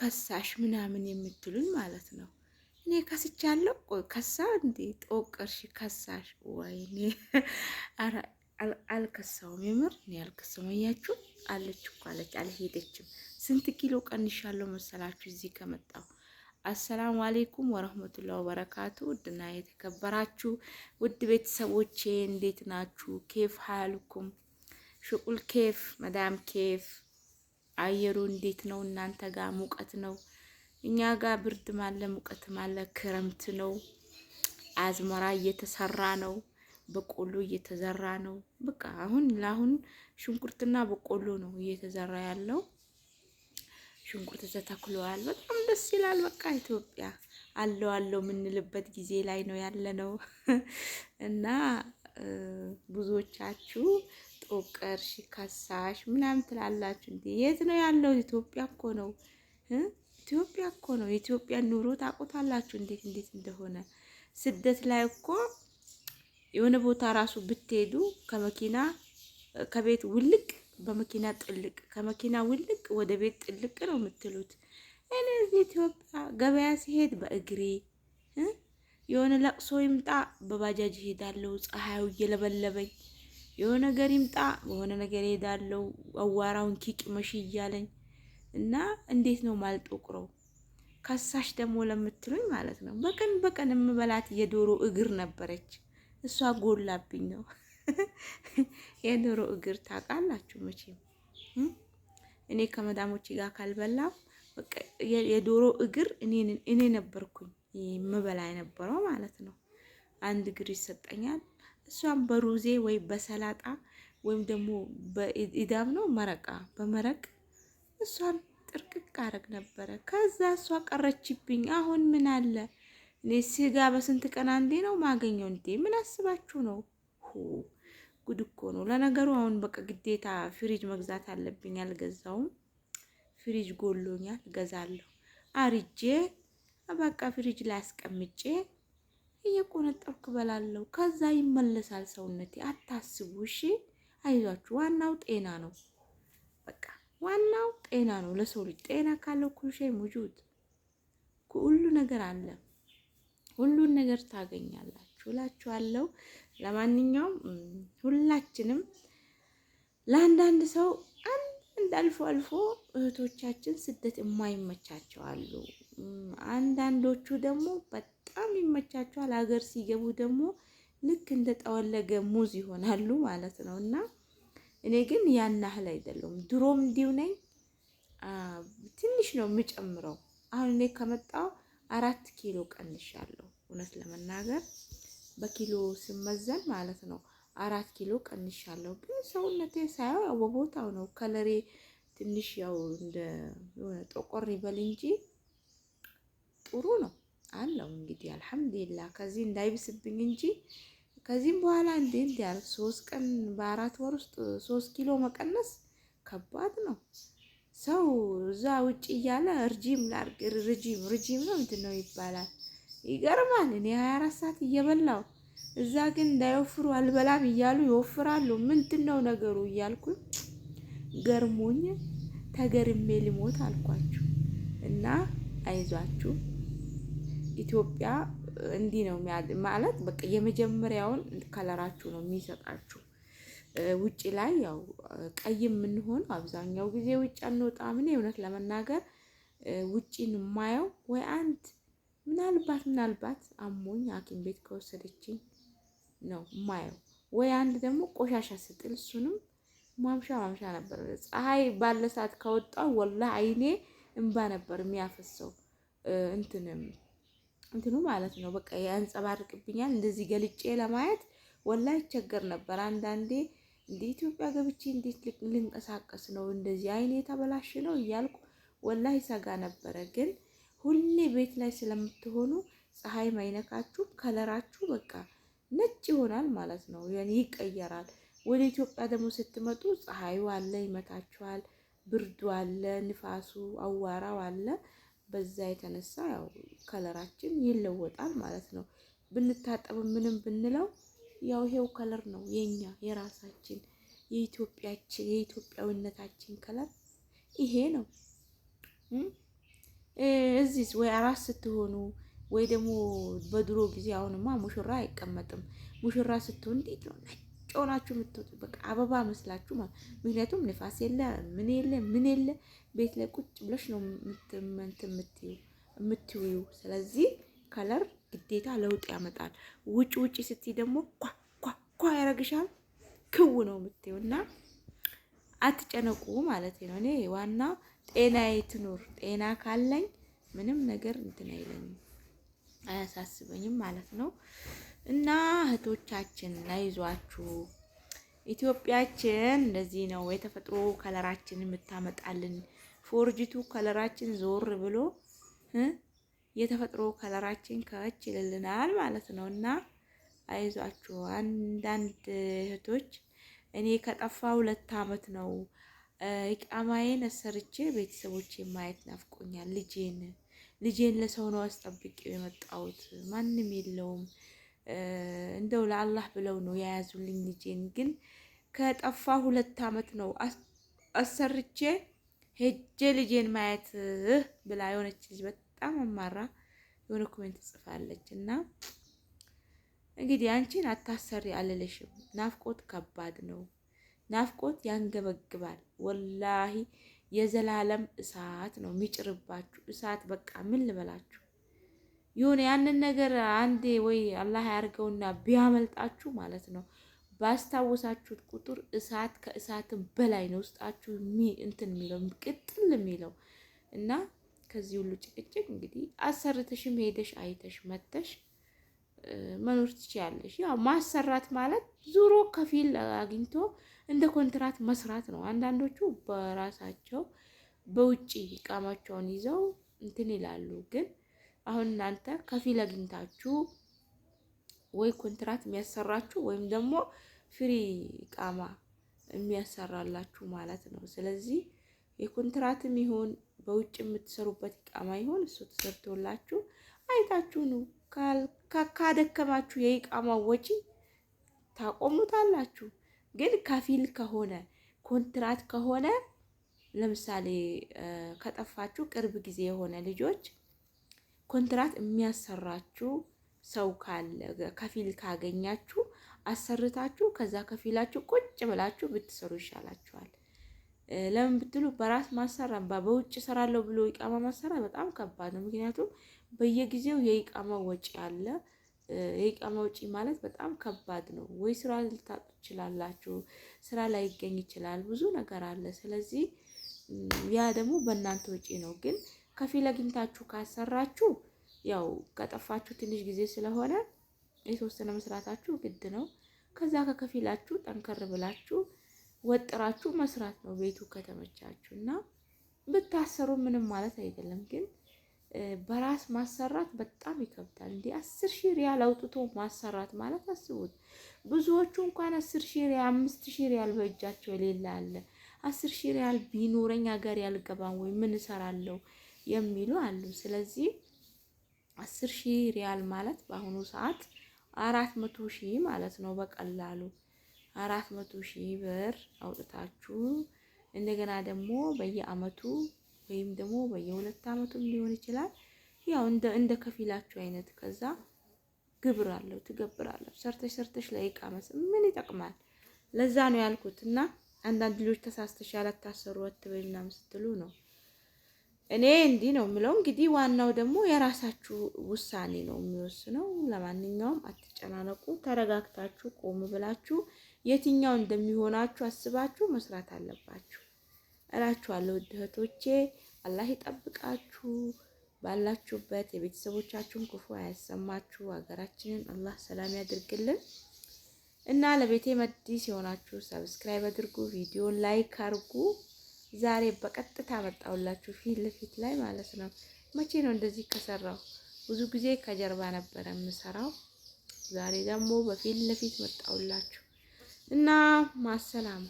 ከሳሽ ምናምን የምትሉኝ ማለት ነው። እኔ ከስቻለሁ። ቆይ ከሳ እንዴ ጦቅርሽ ከሳሽ? ወይኔ አልከሳውም። የምር እኔ አልከሳውም። እያችሁ አለች እኮ አለች፣ አልሄደችም። ስንት ኪሎ ቀንሻለሁ መሰላችሁ እዚህ ከመጣሁ? አሰላሙ አሌይኩም ወረህመቱላ ወበረካቱ። ውድና የተከበራችሁ ውድ ቤተሰቦቼ እንዴት ናችሁ? ኬፍ ሀያልኩም ሽቁል ኬፍ መዳም ኬፍ አየሩ እንዴት ነው? እናንተ ጋር ሙቀት ነው? እኛ ጋር ብርድም አለ ሙቀትም አለ። ክረምት ነው። አዝመራ እየተሰራ ነው። በቆሎ እየተዘራ ነው። በቃ አሁን ለአሁን ሽንኩርትና በቆሎ ነው እየተዘራ ያለው። ሽንኩርት ተተክሏል። በጣም ደስ ይላል። በቃ ኢትዮጵያ አለው አለው የምንልበት ጊዜ ላይ ነው ያለ ነው እና ብዙዎቻችሁ ፎቅ ከሳሽ ምናምን ትላላችሁ እንዴ? የት ነው ያለው? ኢትዮጵያ እኮ ነው። ኢትዮጵያ እኮ ነው። የኢትዮጵያ ኑሮ ታውቁታላችሁ እንዴት እንዴት እንደሆነ። ስደት ላይ እኮ የሆነ ቦታ ራሱ ብትሄዱ ከመኪና ከቤት ውልቅ በመኪና ጥልቅ ከመኪና ውልቅ ወደ ቤት ጥልቅ ነው የምትሉት። እኔ እዚህ ኢትዮጵያ ገበያ ሲሄድ በእግሬ የሆነ ለቅሶ ይምጣ በባጃጅ ሄዳለሁ፣ ፀሐዩ እየለበለበኝ የሆነ ነገር ይምጣ በሆነ ነገር ሄዳለው አዋራውን ኪቅ መሽ እያለኝ እና እንዴት ነው ማልጠቁረው ከሳሽ ደግሞ ለምትሉኝ ማለት ነው በቀን በቀን የምበላት የዶሮ እግር ነበረች። እሷ ጎላብኝ ነው የዶሮ እግር ታውቃላችሁ መቼም እኔ ከመዳሞቼ ጋር ካልበላም የዶሮ እግር እኔ ነበርኩኝ የምበላ የነበረው ማለት ነው። አንድ እግር ይሰጠኛል። እሷም በሩዜ ወይ በሰላጣ ወይም ደግሞ በኢዳም ነው መረቃ በመረቅ እሷን ጥርቅቅ አረግ ነበረ። ከዛ እሷ ቀረችብኝ። አሁን ምን አለ እኔ ስጋ በስንት ቀን አንዴ ነው ማገኘው እንዴ? ምን አስባችሁ ነው? ጉድ እኮ ነው። ለነገሩ አሁን በቃ ግዴታ ፍሪጅ መግዛት አለብኝ። አልገዛውም። ፍሪጅ ጎሎኛል። ገዛለሁ። አርጄ በቃ ፍሪጅ ላይ አስቀምጬ እየቆነጠርኩ እበላለሁ። ከዛ ይመለሳል ሰውነቴ። አታስቡ እሺ፣ አይዟችሁ። ዋናው ጤና ነው። በቃ ዋናው ጤና ነው። ለሰው ልጅ ጤና ካለው ኩልሼ ሙጁድ ሁሉ ነገር አለ። ሁሉን ነገር ታገኛላችሁ እላችኋለሁ። ለማንኛውም ሁላችንም ለአንዳንድ ሰው አንድ አልፎ አልፎ እህቶቻችን ስደት የማይመቻቸው አሉ። አንዳንዶቹ ደግሞ በጣም ይመቻቸዋል። ሀገር ሲገቡ ደግሞ ልክ እንደ ጠወለገ ሙዝ ይሆናሉ ማለት ነው። እና እኔ ግን ያን ያህል አይደለሁም። ድሮም እንዲሁ ነኝ። ትንሽ ነው የምጨምረው። አሁን እኔ ከመጣው አራት ኪሎ ቀንሻለሁ። እውነት ለመናገር በኪሎ ስመዘን ማለት ነው አራት ኪሎ ቀንሻለሁ። ግን ሰውነቴ ሳየው በቦታው ነው። ከለሬ ትንሽ ያው እንደ ጠቆር ይበል እንጂ ጥሩ ነው። አለው እንግዲህ አልሐምዱሊላ ከዚህ እንዳይብስብኝ እንጂ ከዚህም በኋላ እንዴ እንዴ ያልኩ ሶስት ቀን በአራት ወር ውስጥ ሶስት ኪሎ መቀነስ ከባድ ነው። ሰው እዛ ውጭ እያለ ርጂም ላርግ ርጂም ርጂም ነው ምንድን ነው ይባላል። ይገርማል። እኔ 24 ሰዓት እየበላው እዛ ግን እንዳይወፍሩ አልበላም እያሉ ይወፍራሉ። ምንድን ነው ነገሩ እያልኩኝ ገርሞኝ ተገርሜ ልሞት አልኳችሁ እና አይዟችሁ ኢትዮጵያ እንዲህ ነው ማለት በቃ የመጀመሪያውን ከለራችሁ ነው የሚሰጣችሁ። ውጭ ላይ ያው ቀይ የምንሆነው አብዛኛው ጊዜ ውጭ አንወጣም። እኔ እውነት ለመናገር ውጭን የማየው ወይ አንድ ምናልባት ምናልባት አሞኝ ሐኪም ቤት ከወሰደችኝ ነው የማየው ወይ አንድ ደግሞ ቆሻሻ ስጥል እሱንም ማምሻ ማምሻ ነበር። ፀሐይ ባለ ሰዓት ከወጣው ወላ አይኔ እንባ ነበር የሚያፈሰው እንትንም እንትኑ ማለት ነው በቃ ያንጸባርቅብኛል። እንደዚህ ገልጬ ለማየት ወላ ይቸገር ነበር አንዳንዴ። እንደ ኢትዮጵያ ገብቼ እንዴት ልንቀሳቀስ ነው እንደዚህ አይኔ የተበላሽ ነው እያልኩ ወላ ሰጋ ነበረ። ግን ሁሌ ቤት ላይ ስለምትሆኑ ፀሐይ ማይነካችሁ ከለራችሁ በቃ ነጭ ይሆናል ማለት ነው፣ ይቀየራል። ወደ ኢትዮጵያ ደግሞ ስትመጡ ፀሐዩ አለ፣ ይመታችኋል። ብርዱ አለ፣ ንፋሱ አዋራው አለ። በዛ የተነሳ ያው ከለራችን ይለወጣል ማለት ነው። ብንታጠብ ምንም ብንለው ያው ይሄው ከለር ነው የኛ የራሳችን የኢትዮጵያችን የኢትዮጵያዊነታችን ከለር ይሄ ነው። እዚህ ወይ አራስ ስትሆኑ ወይ ደግሞ በድሮ ጊዜ አሁንማ ሙሽራ አይቀመጥም። ሙሽራ ስትሆን እንዴት ነው ሆናችሁ የምትወጡት በቃ አበባ መስላችሁ ማለት። ምክንያቱም ንፋስ የለ ምን የለ ምን የለ ቤት ላይ ቁጭ ብለሽ ነው ምትመንት የምትውዩ። ስለዚህ ከለር ግዴታ ለውጥ ያመጣል። ውጭ ውጭ ስትይ ደግሞ ኳ ኳ ኳ ያረግሻል። ክው ነው የምትይው እና አትጨነቁ ማለት ነው። እኔ ዋና ጤና ትኑር። ጤና ካለኝ ምንም ነገር እንትን አይለኝም፣ አያሳስበኝም ማለት ነው። እና እህቶቻችን አይዟችሁ ኢትዮጵያችን እንደዚህ ነው የተፈጥሮ ከለራችን የምታመጣልን። ፎርጅቱ ከለራችን ዞር ብሎ የተፈጥሮ ከለራችን ከች ይልልናል ማለት ነው። እና አይዟችሁ አንዳንድ እህቶች እኔ ከጠፋ ሁለት አመት ነው እቃማዬን አሰርቼ ቤተሰቦቼ ማየት ናፍቆኛል። ልጄን ልጄን ለሰው ነው አስጠብቄው የመጣሁት ማንም የለውም እንደው ለአላህ ብለው ነው የያዙልኝ ልጄን። ግን ከጠፋ ሁለት አመት ነው አሰርቼ ሄጄ ልጄን ማየት ብላ የሆነች ልጅ በጣም አማራ የሆነ ኮሜንት ጽፋለች። እና እንግዲህ አንቺን አታሰሪ አልልሽም። ናፍቆት ከባድ ነው። ናፍቆት ያንገበግባል። ወላሂ የዘላለም እሳት ነው የሚጭርባችሁ እሳት። በቃ ምን ልበላችሁ የሆነ ያንን ነገር አንዴ ወይ አላህ ያርገውና ቢያመልጣችሁ ማለት ነው ባስታወሳችሁት ቁጥር እሳት ከእሳትም በላይ ነው ውስጣችሁ እንትን የሚለው ቅጥል የሚለው እና ከዚህ ሁሉ ጭቅጭቅ እንግዲህ አሰርተሽም ሄደሽ አይተሽ መተሽ መኖር ትችያለሽ። ያው ማሰራት ማለት ዙሮ ከፊል አግኝቶ እንደ ኮንትራት መስራት ነው። አንዳንዶቹ በራሳቸው በውጭ ቃማቸውን ይዘው እንትን ይላሉ ግን አሁን እናንተ ከፊል አግኝታችሁ ወይ ኮንትራት የሚያሰራችሁ ወይም ደግሞ ፍሪ ቃማ የሚያሰራላችሁ ማለት ነው። ስለዚህ የኮንትራትም ይሁን በውጭ የምትሰሩበት ቃማ ይሁን እሱ ተሰርቶላችሁ አይታችሁ ነው። ካደከማችሁ ቃማ ወጪ ታቆሙታላችሁ። ግን ከፊል ከሆነ ኮንትራት ከሆነ ለምሳሌ ከጠፋችሁ ቅርብ ጊዜ የሆነ ልጆች ኮንትራት የሚያሰራችሁ ሰው ካለ ከፊል ካገኛችሁ አሰርታችሁ ከዛ ከፊላችሁ ቁጭ ብላችሁ ብትሰሩ ይሻላችኋል። ለምን ብትሉ በራስ ማሰራ በውጭ ሰራለሁ ብሎ ኢቃማ ማሰራ በጣም ከባድ ነው። ምክንያቱም በየጊዜው የኢቃማ ወጪ አለ። የኢቃማ ወጪ ማለት በጣም ከባድ ነው። ወይ ስራ ልታጡ ትችላላችሁ፣ ስራ ይገኝ ይችላል፣ ብዙ ነገር አለ። ስለዚህ ያ ደግሞ በእናንተ ወጪ ነው ግን ከፊል አግኝታችሁ ካሰራችሁ ያው ከጠፋችሁ ትንሽ ጊዜ ስለሆነ የተወሰነ መስራታችሁ ግድ ነው። ከዛ ከከፊላችሁ ጠንከር ብላችሁ ወጥራችሁ መስራት ነው ቤቱ ከተመቻችሁ እና ብታሰሩ ምንም ማለት አይደለም። ግን በራስ ማሰራት በጣም ይከብዳል። እንዲህ አስር ሺህ ሪያል አውጥቶ ማሰራት ማለት አስቡት። ብዙዎቹ እንኳን አስር ሺህ ሪያል አምስት ሺህ ሪያል በእጃቸው ሌላ አለ። አስር ሺህ ሪያል ቢኖረኝ ሀገር ያልገባም ወይ ምን እሰራለሁ የሚሉ አሉ። ስለዚህ አስር ሺህ ሪያል ማለት በአሁኑ ሰዓት አራት መቶ ሺህ ማለት ነው። በቀላሉ አራት መቶ ሺህ ብር አውጥታችሁ እንደገና ደግሞ በየአመቱ ወይም ደግሞ በየሁለት አመቱም ሊሆን ይችላል ያው እንደ እንደ ከፊላችሁ አይነት ከዛ ግብር አለው ትገብራለሁ። ሰርተሽ ሰርተሽ ለኢቃመስ ምን ይጠቅማል? ለዛ ነው ያልኩት እና አንዳንድ ልጆች ተሳስተሽ ያላታሰሩ አትበይ ምናምን ስትሉ ነው እኔ እንዲህ ነው የምለው። እንግዲህ ዋናው ደግሞ የራሳችሁ ውሳኔ ነው የሚወስነው። ለማንኛውም አትጨናነቁ፣ ተረጋግታችሁ ቆም ብላችሁ የትኛው እንደሚሆናችሁ አስባችሁ መስራት አለባችሁ እላችኋለሁ። ውድ እህቶቼ አላህ ይጠብቃችሁ። ባላችሁበት የቤተሰቦቻችሁን ክፉ አያሰማችሁ። ሀገራችንን አላህ ሰላም ያድርግልን እና ለቤቴ መዲስ የሆናችሁ ሰብስክራይብ አድርጉ፣ ቪዲዮን ላይክ አድርጉ። ዛሬ በቀጥታ መጣሁላችሁ ፊት ለፊት ላይ ማለት ነው። መቼ ነው እንደዚህ ከሰራው? ብዙ ጊዜ ከጀርባ ነበረ የምሰራው። ዛሬ ደግሞ በፊት ለፊት መጣሁላችሁ እና ማሰላማ